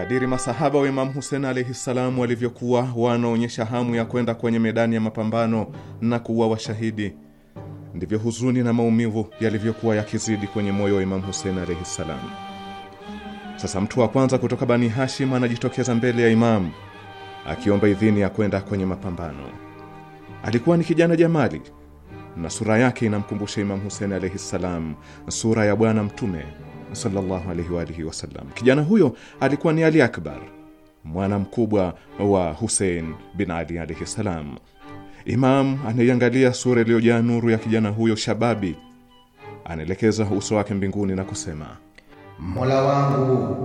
Kadiri masahaba wa Imamu Husen alaihi ssalam walivyokuwa wanaonyesha hamu ya kwenda kwenye medani ya mapambano na kuwa washahidi, ndivyo huzuni na maumivu yalivyokuwa yakizidi kwenye moyo wa Imamu Husen alaihi ssalam. Sasa mtu wa kwanza kutoka Bani Hashim anajitokeza mbele ya Imamu akiomba idhini ya kwenda kwenye mapambano. Alikuwa ni kijana jamali na sura yake inamkumbusha Imamu Husen alaihi ssalam sura ya Bwana Mtume sallallahu alaihi wa alihi wasallam. Kijana huyo alikuwa ni Ali Akbar, mwana mkubwa wa Husein bin Ali alaihi salam. Imam anaiangalia sura iliyojaa nuru ya kijana huyo shababi, anaelekeza uso wake mbinguni na kusema,
Mola wangu,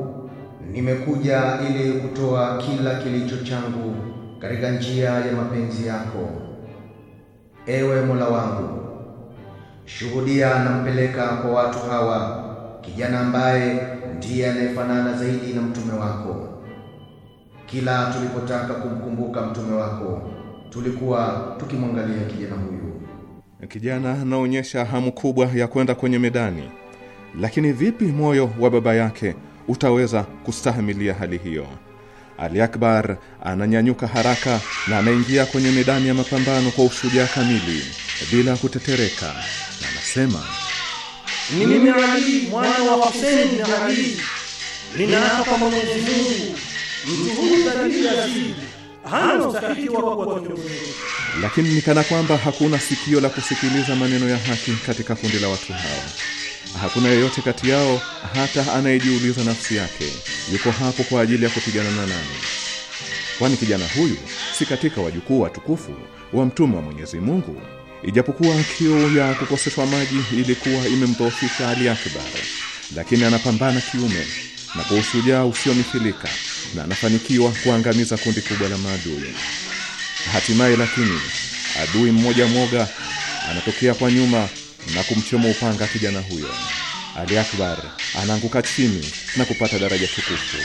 nimekuja ili kutoa kila kilicho changu katika njia ya mapenzi yako. Ewe Mola wangu, shuhudia nampeleka kwa watu hawa kijana ambaye ndiye anayefanana zaidi na mtume wako. Kila tulipotaka kumkumbuka mtume wako,
tulikuwa tukimwangalia kijana huyu. Kijana anaonyesha hamu kubwa ya kwenda kwenye medani, lakini vipi moyo wa baba yake utaweza kustahimilia hali hiyo? Ali Akbar ananyanyuka haraka na anaingia kwenye medani ya mapambano kwa ushujaa kamili bila kutetereka, na anasema
mimi Ali mwana wa Hussein bin
Ali, ninaapa kwa Mwenyezi Mungu, mtu huyu kadiri yazidi
hana ustahiki
wa kuwa
lakini nikana kwamba hakuna sikio la kusikiliza maneno ya haki katika kundi la watu hawa. Hakuna yeyote kati yao hata anayejiuliza nafsi yake yuko hapo kwa ajili ya kupigana na nani, kwani kijana huyu si katika wajukuu watukufu wa mtume wa Mwenyezi Mungu? Ijapokuwa kiu ya kukoseshwa maji ilikuwa imemdhoofisha Ali Akbar, lakini anapambana kiume na kwa ushujaa usiomithilika na anafanikiwa kuangamiza kundi kubwa la maadui. Hatimaye lakini adui mmoja mwoga anatokea kwa nyuma na kumchoma upanga kijana huyo. Ali Akbar anaanguka chini na kupata daraja tukufu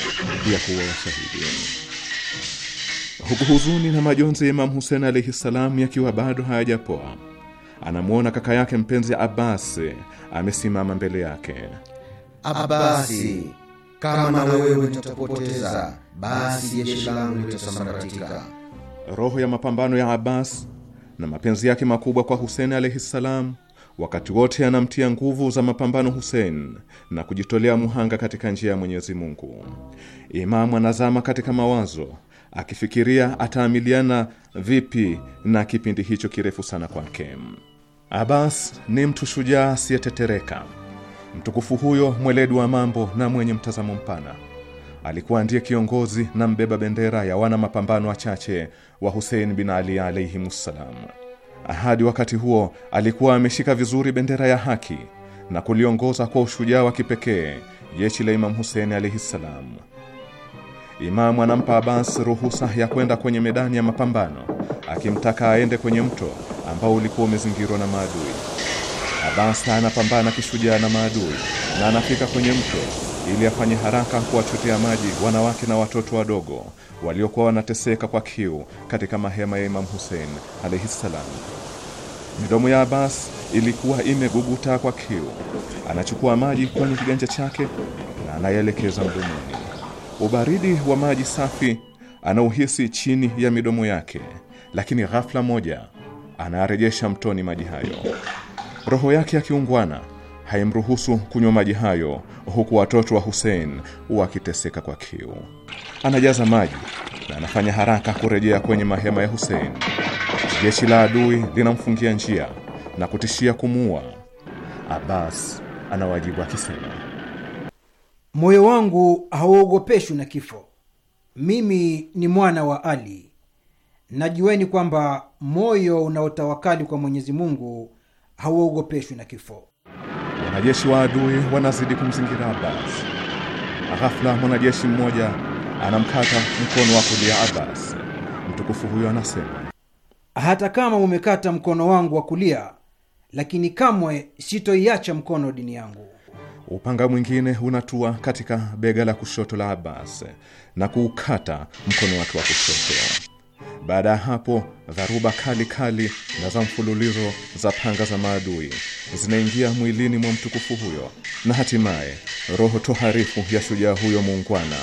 ya kuwa washahidi. Huku huzuni na majonzi ya Imam husen alaihi salam yakiwa bado hayajapoa anamwona kaka yake mpenzi Abasi amesimama mbele yake. Abasi,
kama wewe nitapoteza, basi jeshi langu litasambaratika.
Roho ya mapambano ya abas na mapenzi yake makubwa kwa Huseni alaihi ssalam, wakati wote anamtia nguvu za mapambano husen na kujitolea muhanga katika njia ya Mwenyezi Mungu. Imamu anazama katika mawazo akifikiria ataamiliana vipi na kipindi hicho kirefu sana kwake. Abbas ni mtu shujaa asiyetetereka. Mtukufu huyo mweledi wa mambo na mwenye mtazamo mpana alikuwa ndiye kiongozi na mbeba bendera ya wana mapambano wachache wa Hussein bin Ali ssalam Hadi wakati huo alikuwa ameshika vizuri bendera ya haki na kuliongoza kwa ushujaa wa kipekee jeshi la Imamu Hussein alaihi ssalam. Imamu anampa Abbas ruhusa ya kwenda kwenye medani ya mapambano, akimtaka aende kwenye mto ambao ulikuwa umezingirwa na maadui. Abasta anapambana kishujaa na maadui na anafika kwenye mto ili afanye haraka kuwachotea maji wanawake na watoto wadogo waliokuwa wanateseka kwa kiu katika mahema ya Imam Hussein alayhi salam. Midomo ya Abbas ilikuwa imeguguta kwa kiu. Anachukua maji kwenye kiganja chake na anayelekeza mdomoni. Ubaridi wa maji safi anauhisi chini ya midomo yake, lakini ghafla moja anayarejesha mtoni maji hayo. Roho yake ya kiungwana haimruhusu kunywa maji hayo, huku watoto wa Hussein wakiteseka kwa kiu. Anajaza maji na anafanya haraka kurejea kwenye mahema ya Hussein. Jeshi la adui linamfungia njia na kutishia kumuua. Abbas anawajibu akisema, moyo wangu
hauogopeshwi na kifo, mimi ni mwana wa Ali Najueni kwamba moyo unaotawakali kwa Mwenyezi Mungu hauogopeshwi na kifo.
Wanajeshi wa adui wanazidi kumzingira Abbas. Ghafla mwanajeshi mmoja anamkata mkono wa kulia Abbas. Mtukufu huyo anasema, hata kama umekata mkono wangu wa kulia, lakini kamwe
sitoiacha mkono dini yangu.
Upanga mwingine unatua katika bega la kushoto la Abbas na kuukata mkono wake wa kushoto. Baada ya hapo, dharuba kali kali na za mfululizo za panga za maadui zinaingia mwilini mwa mtukufu huyo, na hatimaye roho toharifu ya shujaa huyo muungwana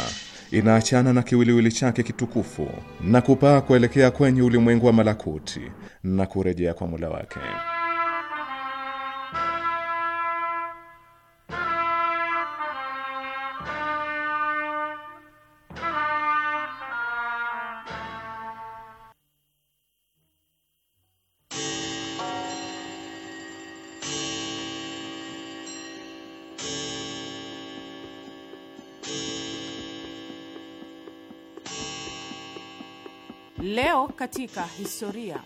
inaachana na kiwiliwili chake kitukufu na kupaa kuelekea kwenye ulimwengu wa malakuti na kurejea kwa mula wake.
katika
historia.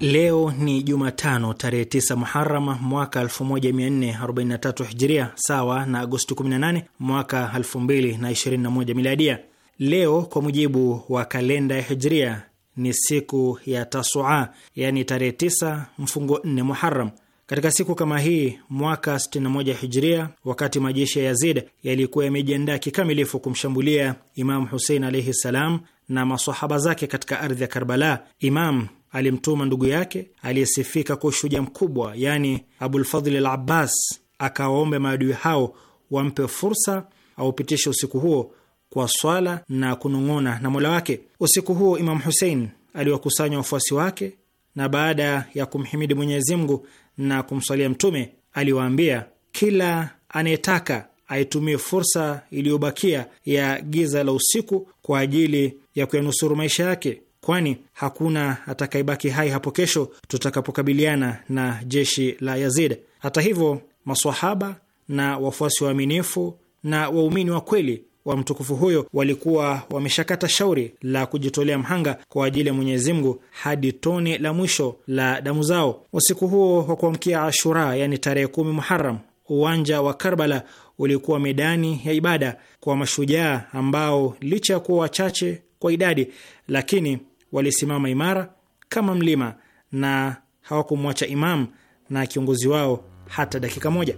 Leo ni Jumatano tarehe 9 Muharama mwaka 1443 Hijria, sawa na Agosti 18 mwaka 2021 Miladia. Leo kwa mujibu wa kalenda ya Hijria ni siku ya Tasua, yani tarehe 9 mfungo 4 Muharam. Katika siku kama hii mwaka 61 hijria, wakati majeshi ya Yazid yalikuwa yamejiandaa kikamilifu kumshambulia Imamu Husein alaihi ssalam na masahaba zake katika ardhi ya Karbala, Imam alimtuma ndugu yake aliyesifika kwa ushujaa mkubwa, yaani Abulfadhli al Abbas, akawaombe maadui hao wampe fursa aupitishe usiku huo kwa swala na kunong'ona na mola wake. Usiku huo Imam Husein aliwakusanya wafuasi wake na baada ya kumhimidi Mwenyezi Mungu na kumswalia Mtume, aliwaambia kila anayetaka aitumie fursa iliyobakia ya giza la usiku kwa ajili ya kuyanusuru maisha yake, kwani hakuna atakayebaki hai hapo kesho tutakapokabiliana na jeshi la Yazid. Hata hivyo, maswahaba na wafuasi waaminifu na waumini wa kweli wa mtukufu huyo walikuwa wameshakata shauri la kujitolea mhanga kwa ajili ya Mwenyezi Mungu hadi tone la mwisho la damu zao. Usiku huo wa kuamkia Ashura, yani tarehe kumi Muharam, uwanja wa Karbala ulikuwa medani ya ibada kwa mashujaa ambao licha ya kuwa wachache kwa idadi, lakini walisimama imara kama mlima na hawakumwacha Imam na kiongozi wao hata dakika moja.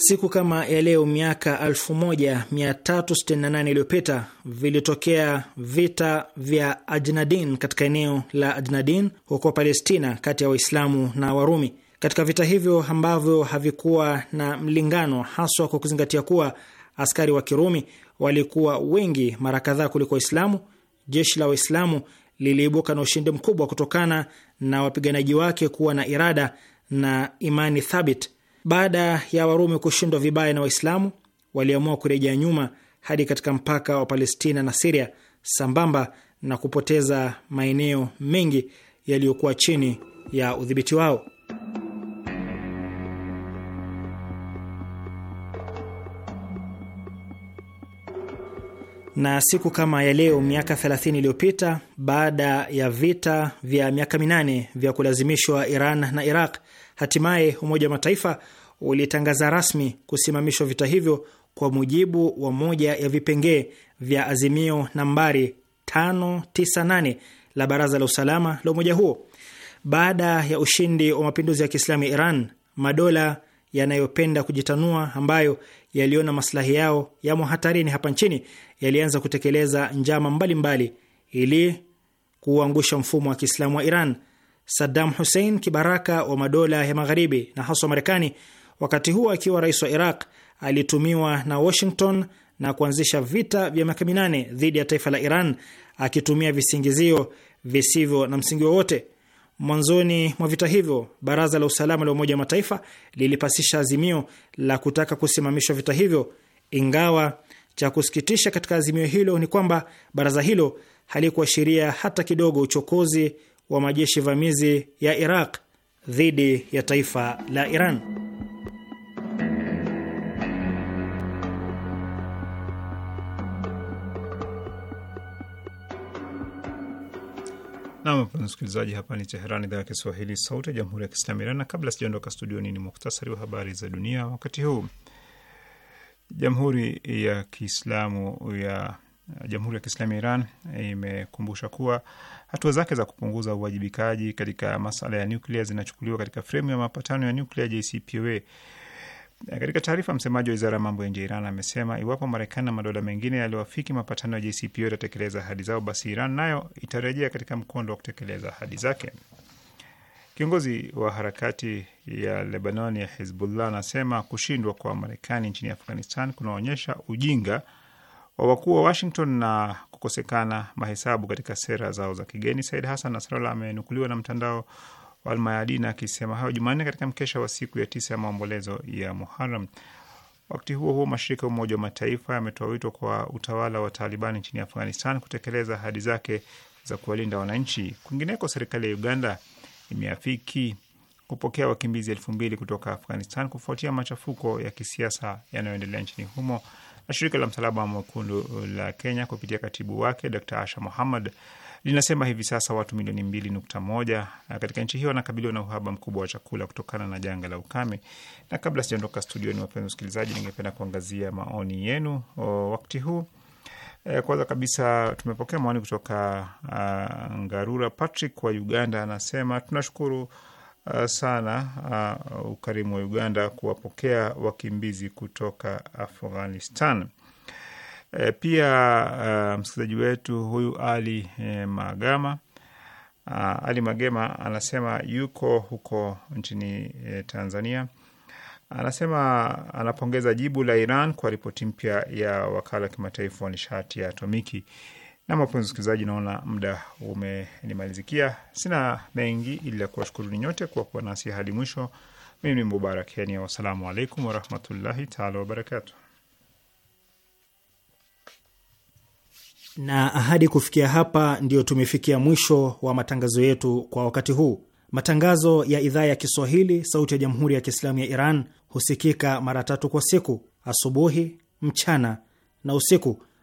Siku kama ya leo miaka 1368 iliyopita vilitokea vita vya Ajnadin katika eneo la Ajnadin huko Palestina, kati ya Waislamu na Warumi. Katika vita hivyo ambavyo havikuwa na mlingano, haswa kwa kuzingatia kuwa askari wa Kirumi walikuwa wengi mara kadhaa kuliko Waislamu, jeshi la Waislamu liliibuka na ushindi mkubwa kutokana na wapiganaji wake kuwa na irada na imani thabit baada ya Warumi kushindwa vibaya na Waislamu, waliamua kurejea nyuma hadi katika mpaka wa Palestina na Siria, sambamba na kupoteza maeneo mengi yaliyokuwa chini ya udhibiti wao. Na siku kama ya leo miaka 30 iliyopita, baada ya vita vya miaka minane vya kulazimishwa Iran na Iraq Hatimaye Umoja wa Mataifa ulitangaza rasmi kusimamishwa vita hivyo kwa mujibu wa moja ya vipengee vya azimio nambari 598 la Baraza la Usalama la umoja huo. Baada ya ushindi wa mapinduzi ya Kiislamu ya Iran, madola yanayopenda kujitanua ambayo yaliona maslahi yao yamo hatarini hapa nchini yalianza kutekeleza njama mbalimbali mbali ili kuuangusha mfumo wa Kiislamu wa Iran. Saddam Hussein, kibaraka wa madola ya Magharibi na haswa Marekani, wakati huo akiwa rais wa Iraq, alitumiwa na Washington na kuanzisha vita vya miaka minane dhidi ya taifa la Iran akitumia visingizio visivyo na msingi wowote. Mwanzoni mwa vita hivyo, baraza la usalama la Umoja wa Mataifa lilipasisha azimio la kutaka kusimamishwa vita hivyo, ingawa cha kusikitisha katika azimio hilo ni kwamba baraza hilo halikuashiria hata kidogo uchokozi wa majeshi vamizi ya Iraq dhidi ya taifa la
Iran.
msikilizaji, hapa ni Teheran, idhaa ya Kiswahili, sauti ya jamhuri ya kiislamu Iran. Na kabla sijaondoka studioni, ni muktasari wa habari za dunia wakati huu. Jamhuri ya Kiislamu ya Jamhuri ya Kiislamu ya Iran imekumbusha kuwa Hatua zake za kupunguza uwajibikaji katika masala ya nuklia zinachukuliwa katika fremu ya mapatano ya nuklia JCPOA. Katika taarifa, msemaji wa wizara ya mambo ya nje ya Iran amesema iwapo Marekani na madola mengine yaliyoafiki mapatano ya JCPOA yatatekeleza ahadi zao, basi Iran nayo itarejea katika mkondo wa kutekeleza ahadi zake. Kiongozi wa harakati ya Lebanon ya Hezbollah anasema kushindwa kwa Marekani nchini Afghanistan kunaonyesha ujinga wa wakuu wa Washington na kukosekana mahesabu katika sera zao za kigeni. Said Hassan Nasrallah amenukuliwa na mtandao wa Almayadin akisema hayo Jumanne katika mkesha wa siku ya tisa ya maombolezo ya Muharam. Wakati huo huo, mashirika ya Umoja wa Mataifa yametoa wito kwa utawala wa Taliban nchini Afghanistan kutekeleza ahadi zake za kuwalinda wananchi. Kwingineko, serikali ya Uganda imeafiki kupokea wakimbizi elfu mbili kutoka Afghanistan kufuatia machafuko ya kisiasa yanayoendelea nchini humo na shirika la msalaba mwekundu uh, la Kenya kupitia katibu wake Dr. Asha muhammad linasema hivi sasa watu milioni mbili nukta moja uh, katika nchi hiyo wanakabiliwa na uhaba mkubwa wa chakula kutokana na janga la ukame. Na kabla sijaondoka studioni, wapenzi wasikilizaji, ningependa kuangazia maoni yenu o, uh, wakti huu e, kwanza kabisa tumepokea maoni kutoka a, Ngarura Patrick wa Uganda, anasema tunashukuru Uh, sana uh, ukarimu wa Uganda kuwapokea wakimbizi kutoka Afghanistan. E, pia uh, msikilizaji wetu huyu Ali e, Magama uh, Ali Magema anasema yuko huko nchini e, Tanzania. Anasema anapongeza jibu la Iran kwa ripoti mpya ya wakala wa kimataifa wa nishati ya atomiki na mapenzi msikilizaji, naona muda umenimalizikia. Sina mengi kuwashukuru ni nyote kwa kuwa nasi hadi mwisho. Mimi ni Mubarak Kenya, wassalamu alaikum warahmatullahi taala wabarakatu.
Na ahadi kufikia hapa, ndiyo tumefikia mwisho wa matangazo yetu kwa wakati huu. Matangazo ya idhaa ya Kiswahili sauti ya jamhuri ya Kiislamu ya Iran husikika mara tatu kwa siku: asubuhi, mchana na usiku